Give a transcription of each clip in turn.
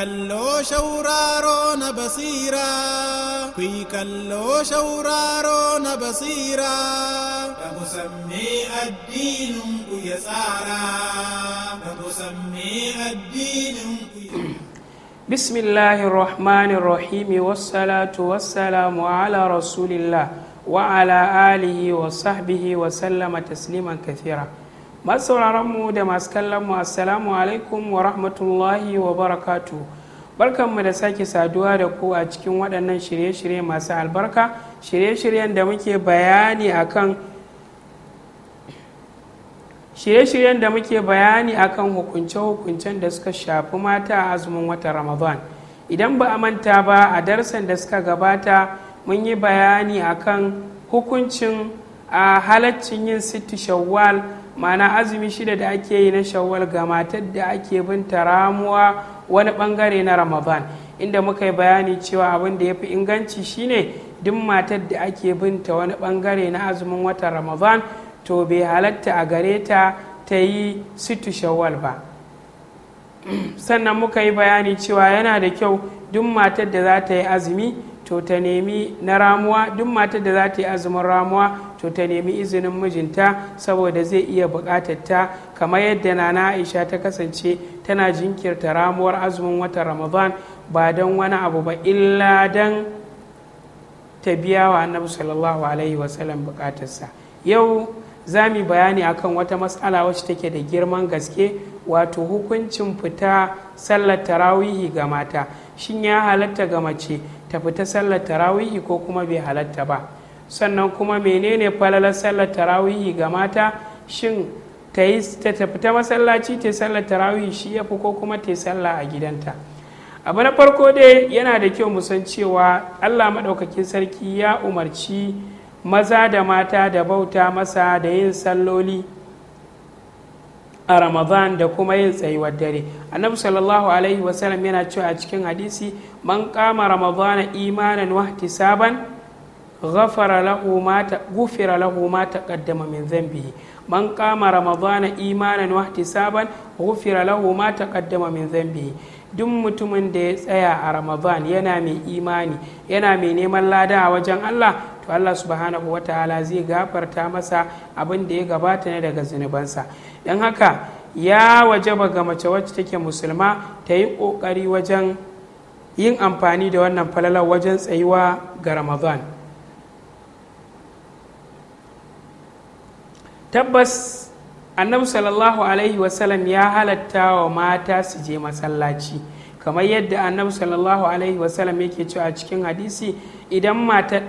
kalloo shawraaroo na basiiraa kuyi kalloo shawraaroo na basiiraa kamusammee addiinuun guyya saaraa kamusammee addiinuun guyya بسم الله الرحمن الرحيم والصلاة والسلام على رسول الله وعلى آله وصحبه وسلم تسليما كثيرا masu sauraronmu da masu kallonmu assalamu alaikum wa rahmatullahi wa barakatu barkanmu da sake saduwa da ku a cikin waɗannan shirye-shirye masu albarka shirye-shiryen da muke bayani akan shirye-shiryen da muke bayani akan hukunce-hukuncen da suka shafi mata a azumin watan ramadan idan ba a manta ba a darsan da suka gabata mun yi bayani kan hukuncin a halaccin yin city shawwal ma'ana azumi shida da ake yi na shawwal ga matar da ake binta ramuwa wani bangare na ramadan inda muka yi bayani cewa abin da ya fi inganci shine duk matar da ake binta wani bangare na azumin watan ramadan to bai halatta a gare ta ta yi situ shawwal ba sannan muka yi bayani cewa yana da kyau duk matar da za ta yi azumi to ta nemi na ramuwa duk matar da za ta yi azumin ramuwa to ta nemi izinin mijinta saboda zai iya buƙatar ta kamar yadda nana aisha ta kasance tana jinkirta ramuwar azumin watan ramadan ba don wani abu ba illa don ta biya wa annabi sallallahu alaihi wasallam buƙatarsa yau za mu bayani akan wata matsala wacce take da girman gaske wato hukuncin fita sallar tarawihi ga mata shin ya halatta ga mace ta fita sallar tarawihi ko kuma bai halatta ba sannan kuma menene falalar sallar tarawihi ga mata shin ta yi ta tafi ta masallaci ta sallar tarawihi shi ya fi ko kuma ta sallah a gidanta abu na farko dai yana da kyau mu cewa allah maɗaukakin sarki ya umarci maza da mata da bauta masa da yin salloli a ramadan da kuma yin tsayuwar dare annabi sallallahu alaihi wasallam yana cewa a cikin hadisi man kama ramadana imanan wahtisaban saban غفر له ما غفر له ما تقدم من ذنبه من قام رمضان إيمانا واحتسابا غفر له ما تقدم من ذنبه duk mutumin da ya tsaya a ramadan yana mai imani yana mai neman lada a wajen allah to allah subhanahu wa taala zai gafarta masa abin da ya gabata ne daga zunubansa don haka ya wajaba ga mace wacce take musulma ta yi ƙoƙari wajen yin amfani da wannan falalar wajen tsayuwa ga ramadan tabbas annabi sallallahu alaihi wasallam ya halatta wa mata su je masallaci kamar yadda annabi sallallahu alaihi wasallam yake cewa a cikin hadisi idan matar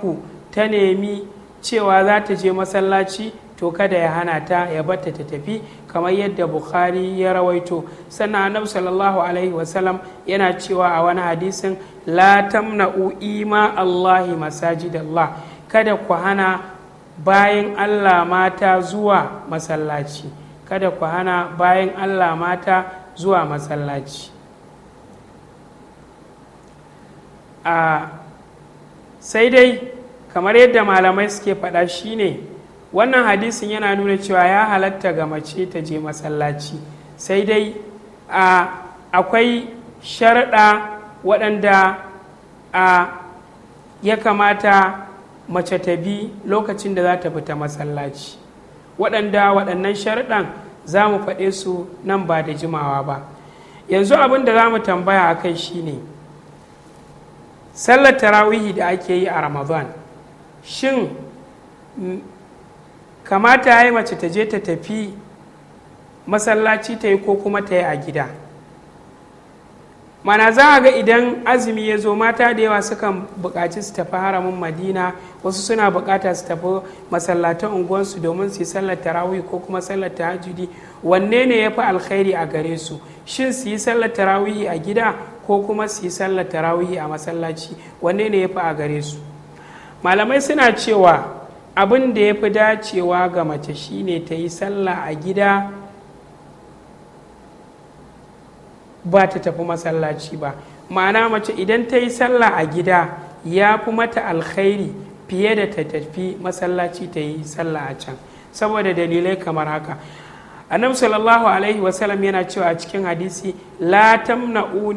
ku ta nemi cewa za ta je masallaci to kada ya hana ta ya bata ta tafi kamar yadda bukhari ya rawaito sannan annabi sallallahu alaihi wasallam yana cewa a wani hadisin la tamna'u ima allahi masajidallah kada ku hana bayan allah mata zuwa masallaci kada ku hana bayan allah mata zuwa masallaci a sai dai kamar yadda malamai suke faɗa shine wannan hadisin yana nuna cewa ya halatta ga mace ta je masallaci sai dai a akwai sharaɗa waɗanda ya kamata mace ta bi lokacin da za ta fita masallaci waɗanda waɗannan sharɗan za mu faɗe su nan ba da jimawa ba yanzu abin da za mu tambaya a kai shine sallar tarawihi da ake yi a ramadan shin kamata ya yi mace ta je ta tafi masallaci ta yi ko kuma ta yi a gida mana za a ga idan azumi ya zo mata da yawa sukan buƙaci su tafi haramin madina wasu suna bukata su tafi masallatan unguwansu domin su yi sallar tarawih ko kuma sallar tahajjudi wanne ne ya fi alkhairi a gare su shin su yi sallar tarawih a gida ko kuma su yi sallar tarawih a masallaci wanne ne ya fi a gare su malamai suna cewa abin da ya fi dacewa ga mace shine ta yi sallah a gida ba ta tafi masallaci ba ma'ana mace idan ta yi sallah a gida ya fi mata alkhairi fiye da ta tafi masallaci ta yi sallah a can saboda dalilai kamar haka annabi sallallahu alaihi wasallam yana cewa a cikin hadisi la tamna'u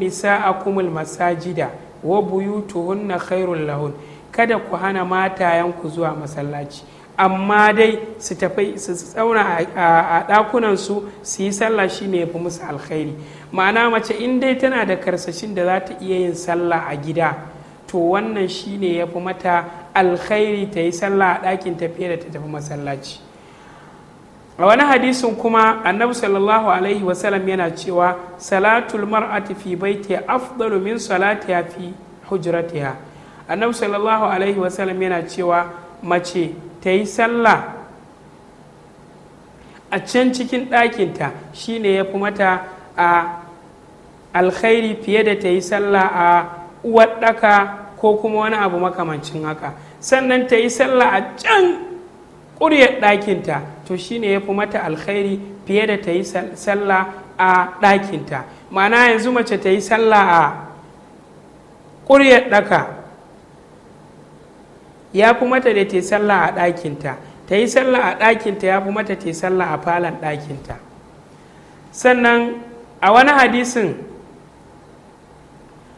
kumul masajida wa buyutuhunna khairul lahun kada ku hana matayanku zuwa masallaci amma dai su tafi su tsauna a ɗakunansu su yi sallah shi ne ya fi musu alkhairi ma'ana mace in dai tana da karsashin da za ta iya yin sallah a gida to wannan shi ne ya fi mata alkhairi ta yi sallah a ɗakin tafiya da ta tafi masallaci a wani hadisin kuma annabi sallallahu alaihi wasallam yana cewa salatul mar'ati fi baiti afdalu min salatiha fi hujratiha annabi sallallahu alaihi wasallam yana cewa mace ta yi sallah a can cikin ɗakinta shine ya fi mata a alkhairi fiye da ta yi sallah a uwarɗaka ko kuma wani abu makamancin haka sannan ta yi sallah a can ƙuryar ɗakinta to shine ya fi mata alkhairi fiye da ta yi sallah a ɗakinta ma'ana yanzu mace ta yi sallah a ƙuryar ɗaka ya fi mata da te sallah a ɗakinta ta yi sallah a ɗakinta ya fi mata te sallah a falon ɗakinta sannan a wani hadisin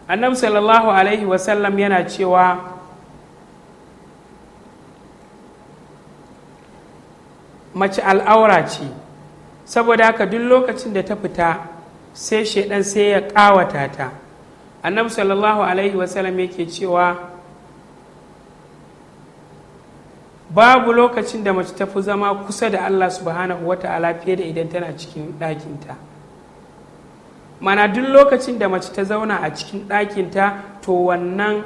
annabi sallallahu alaihi wasallam yana cewa mace al'aura ce saboda haka duk lokacin da ta fita sai shaidan sai ya ƙawata ta annabi sallallahu alaihi wasallam yake cewa babu lokacin da mace ta fi zama kusa da allah subhanahu wa ta'ala fiye da idan tana cikin ɗakinta mana duk lokacin da mace ta zauna a cikin ɗakinta to wannan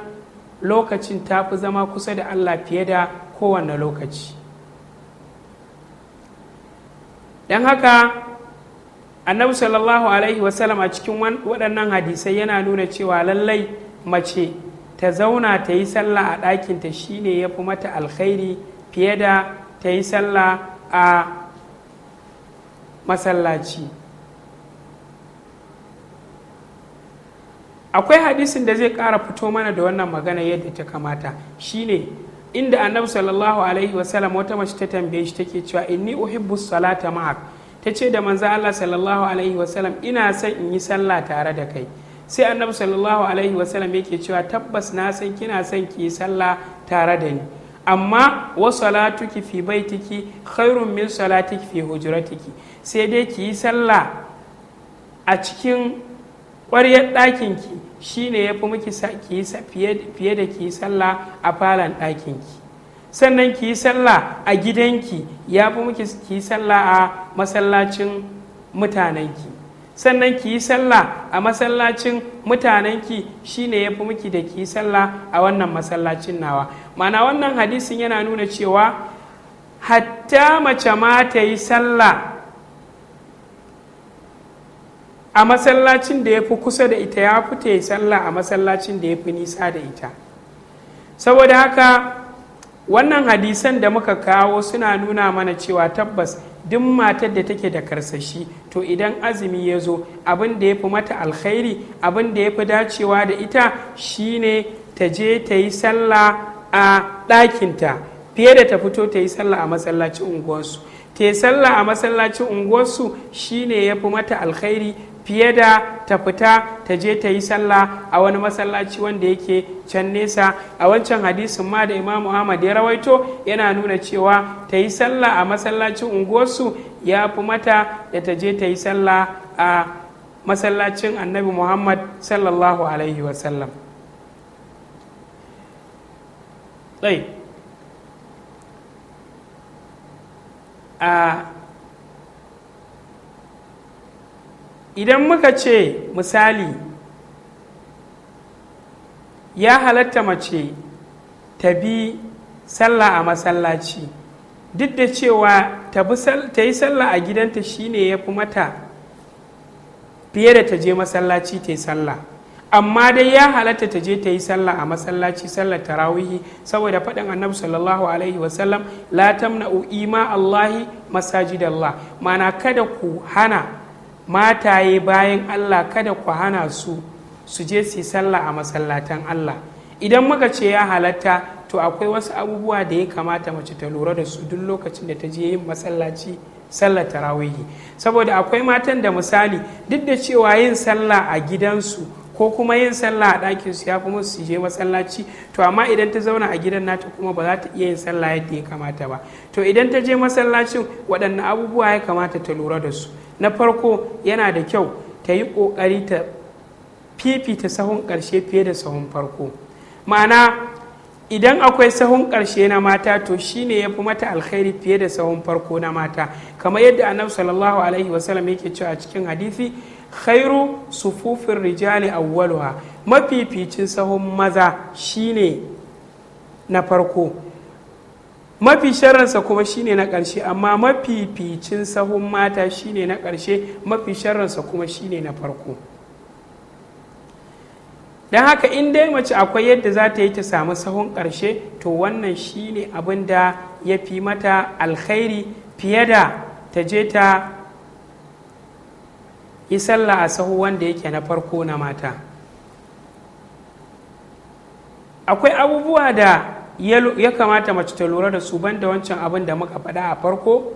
lokacin ta fi zama kusa da allah fiye da kowane lokaci don haka annabi sallallahu alaihi wasallam a cikin waɗannan hadisai yana nuna cewa lallai mace ta zauna ta yi sallah a ɗakinta shine ya fi mata alkhairi fiye da ta yi sallah a masallaci akwai hadisin da zai ƙara fito mana da wannan magana yadda ta kamata shine inda annabi sallallahu alaihi wasallam wata mace ta tambaye shi take cewa inni uhibbu salata ma'ak ta ce da manzo Allah sallallahu alaihi wasallam ina son in yi sallah tare da kai sai annabi sallallahu alaihi wasallam yake cewa tabbas na san kina son ki sallah tare da ni amma wa salatuki fi baitiki khairun min salatiki fi hujratiki sai dai ki yi sallah a cikin ƙwaryar ɗakinki ne ya fi miki fiye da ki yi sallah a falon ɗakinki sannan ki yi sallah a gidanki ya fi miki ki yi sallah a masallacin mutanenki sannan ki yi sallah a masallacin mutanenki shine ya fi miki da ki yi sallah a wannan masallacin nawa mana wannan hadisin yana nuna cewa hatta mace ma ta yi sallah a masallacin da ya fi kusa da ita ya fi ta yi sallah a masallacin da ya fi nisa da ita saboda haka wannan hadisan da muka kawo suna nuna mana cewa tabbas duk matar da take da karsashi to idan azumi ya zo abin da ya fi mata alkhairi abin da ya fi dacewa da ita shine ta je ta yi sallah a ɗakinta fiye da ta fito ta yi sallah a masallacin unguwarsu ta yi sallah a masallacin unguwarsu shine ya fi mata alkhairi fiye da ta fita ta je ta yi sallah a wani masallaci wanda yake can nesa a wancan hadisin ma da imamu ahmad ya rawaito yana nuna cewa ta yi sallah a masallacin unguwarsu ya fi mata da ta je ta yi sallah a masallacin annabi muhammad sallallahu alaihi wasallam طيب a idan muka ce misali ya halatta mace ta bi sallah a masallaci duk da cewa ta yi sallah a gidanta shine ya fi mata fiye da ta je masallaci ta yi sallah amma dai ya halatta ta je ta yi sallah a masallaci sallar tarawihi saboda faɗin annabi sallallahu alaihi wasallam la tamna'u ima allahi masajidallah mana kada ku hana mataye bayan allah kada ku hana su su je su yi sallah a masallatan allah idan muka ce ya halatta to akwai wasu abubuwa da ya kamata mace ta lura da su duk lokacin da ta je yin masallaci sallar tarawihi saboda akwai matan da misali duk da cewa yin sallah a gidansu ko kuma yin sallah a ɗakin su ya kuma su je masallaci to amma idan ta zauna a gidan nata kuma ba za ta iya yin sallah yadda ya kamata ba to idan ta je masallacin waɗanne abubuwa ya kamata ta lura da su na farko yana da kyau ta yi ƙoƙari ta fifita sahun ƙarshe fiye da sahun farko ma'ana idan akwai sahun ƙarshe na mata to shine ya fi mata alkhairi fiye da sahun farko na mata kamar yadda annabi sallallahu alaihi wasallam yake cewa a cikin hadisi khairu sufufin rijali awwaluha mafificin sahun maza shine na farko mafi sharransa kuma shine na ƙarshe amma mafificin sahun mata shine na ƙarshe mafi sharransa kuma shine na farko don haka in dai mace akwai yadda za ta yi ta samu sahun ƙarshe to wannan shine abin da ya fi mata alkhairi fiye da ta je ta yi sallah a sahu wanda yake na farko na mata akwai abubuwa da ya kamata mace ta lura da su banda wancan abin da muka faɗa a farko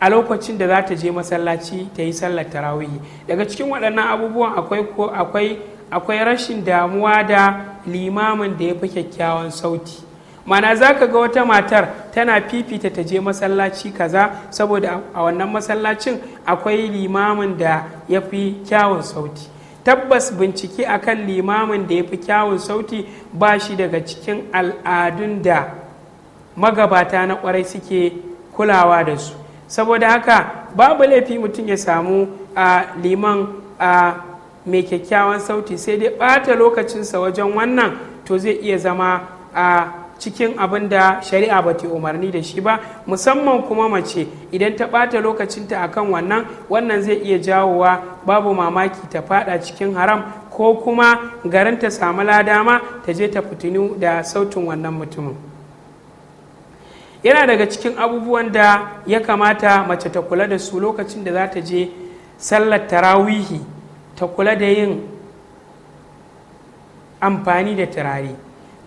a lokacin da za ta je masallaci ta yi sallar tarawihi daga cikin waɗannan abubuwan akwai akwai akwai rashin damuwa da limamin da ya fi kyakkyawan sauti mana za ka ga wata matar tana fifita ta je masallaci kaza saboda a wannan masallacin akwai limamin da ya fi kyawun sauti tabbas bincike akan limamin da ya fi kyawun sauti ba shi daga cikin al'adun da magabata na kwarai suke kulawa da su saboda haka babu laifi mutum ya samu a liman a mai kyakkyawan sauti sai dai ɓata lokacinsa wajen wannan to zai iya zama a cikin abin da shari'a ba ta umarni da shi ba musamman kuma mace idan ta ɓata lokacinta a kan wannan wannan zai iya jawowa babu mamaki ta fada cikin haram ko kuma garin ta samu ladama ta je ta fitinu da sautin wannan mutumin yana daga cikin abubuwan da ya kamata mace ta kula da su lokacin da za ta je sallar tarawihi ta kula da yin amfani da turare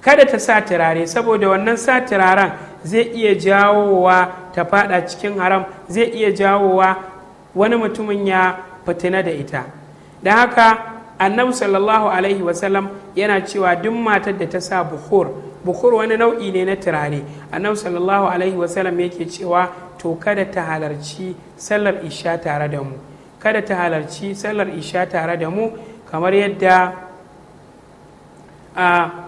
kada ta sa turare saboda wannan sa turaren zai iya jawowa ta fada cikin haram zai iya jawowa wani mutumin ya fitina da ita da haka annabi sallallahu alaihi wasallam yana cewa duk matar da ta sa bukur. Bukur wani nau'i ne na turare annabi sallallahu alaihi wasallam yake cewa to kada ta halarci sallar isha tare da mu kada ta halarci sallar isha tare da mu kamar yadda a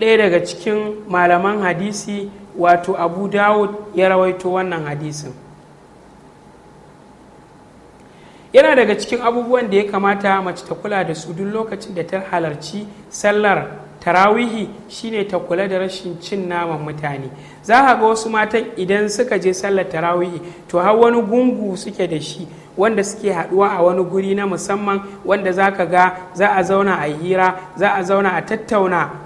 ɗaya daga cikin malaman hadisi wato abu dawud ya rawaito wannan hadisin yana daga cikin abubuwan da ya kamata mace ta kula da su duk lokacin da ta halarci sallar tarawihi shine ta kula da rashin cin naman mutane za a ga wasu matan idan suka je sallar tarawihi to har wani gungu suke da shi wanda suke haduwa a wani guri na musamman wanda za ka ga za a zauna a hira za a zauna a tattauna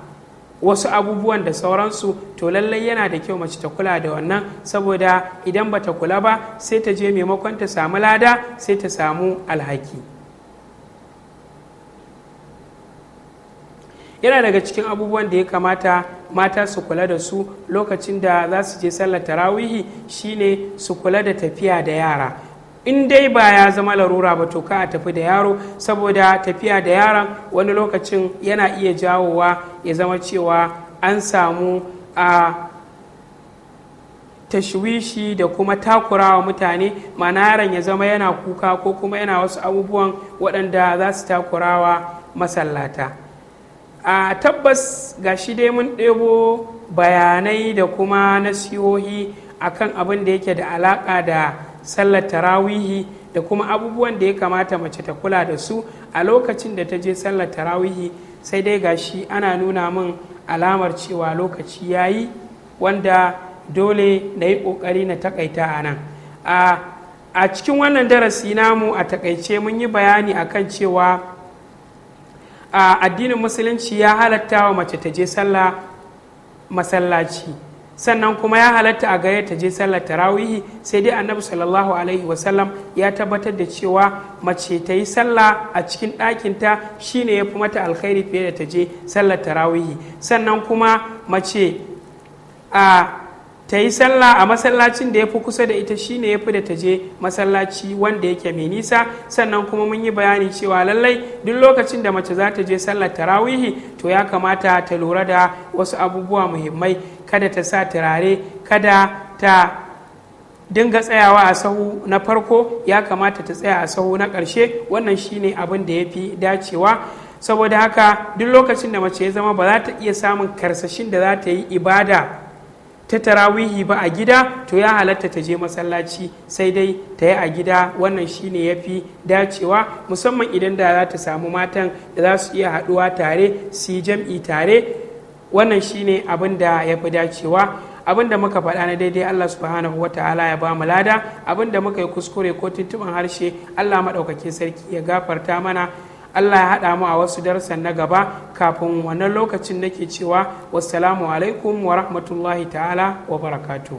wasu abubuwan da sauransu to lallai yana da kyau mace ta kula da wannan saboda idan ba ta kula ba sai ta je maimakon ta samu lada sai ta samu alhaki yana daga cikin abubuwan da ya kamata mata su kula da su lokacin da za su je sallar tarawihi shine su kula da tafiya da yara in dai ba ya zama larura ba to ka a tafi da yaro saboda tafiya da yaron wani lokacin yana iya jawowa ya zama cewa an samu a tashwishi da kuma takurawa mutane mana yaron ya zama yana kuka ko kuma yana wasu abubuwan waɗanda za su takurawa masallata a tabbas ga shi dai mun ɗebo bayanai da kuma nasihohi akan abin da yake da alaƙa da sallar tarawihi da kuma abubuwan da ya kamata mace ta kula da su a lokacin da ta je sallar tarawihi sai dai gashi ana nuna min alamar cewa lokaci ya yi wanda dole na yi ƙoƙari na takaita a nan a cikin wannan darasi namu a takaice mun yi bayani akan cewa addinin musulunci ya halatta wa mace ta je sallah masallaci sannan kuma ya halatta a gare ta je sallar tarawihi sai dai annabi sallallahu alaihi wasallam ya tabbatar da cewa mace ta yi sallah a cikin ɗakinta shine ya fi mata alkhairi fiye da ta je sallar tarawihi sannan kuma mace a ta yi sallah a masallacin da ya fi kusa da ita shine ya fi da ta je masallaci wanda yake mai nisa sannan kuma mun yi bayani cewa lallai duk lokacin da mace za ta je sallar tarawihi to ya kamata ta lura da wasu abubuwa muhimmai kada ta sa turare kada ta dinga tsayawa a sahu na farko ya kamata ta tsaya a sahu na karshe wannan shine abin da ya fi dacewa saboda haka duk lokacin da mace ya zama ba za ta iya samun karsashin da za ta yi ibada ta tarawihi ba a gida to ya halatta ta je masallaci sai dai ta yi a gida wannan shine ya fi dacewa musamman idan da za ta samu matan da za su iya haduwa tare su yi jam'i tare wannan shine abin da ya fi dacewa abin da muka faɗa na daidai Allah subhanahu wa ta'ala ya ba mu lada abin da muka yi kuskure ko tuntuɓin harshe Allah maɗaukakin sarki ya gafarta mana allah ya haɗa mu a wasu darsan na gaba kafin wannan lokacin nake cewa wassalamu alaikum wa rahmatullahi ta'ala wa barakatu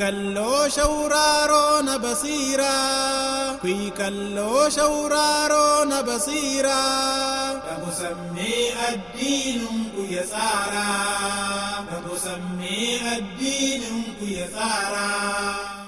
kallo shauraro na basira كي كلو شورارو نبصيرا سمي الدين كي سارا سمي الدين كي سارا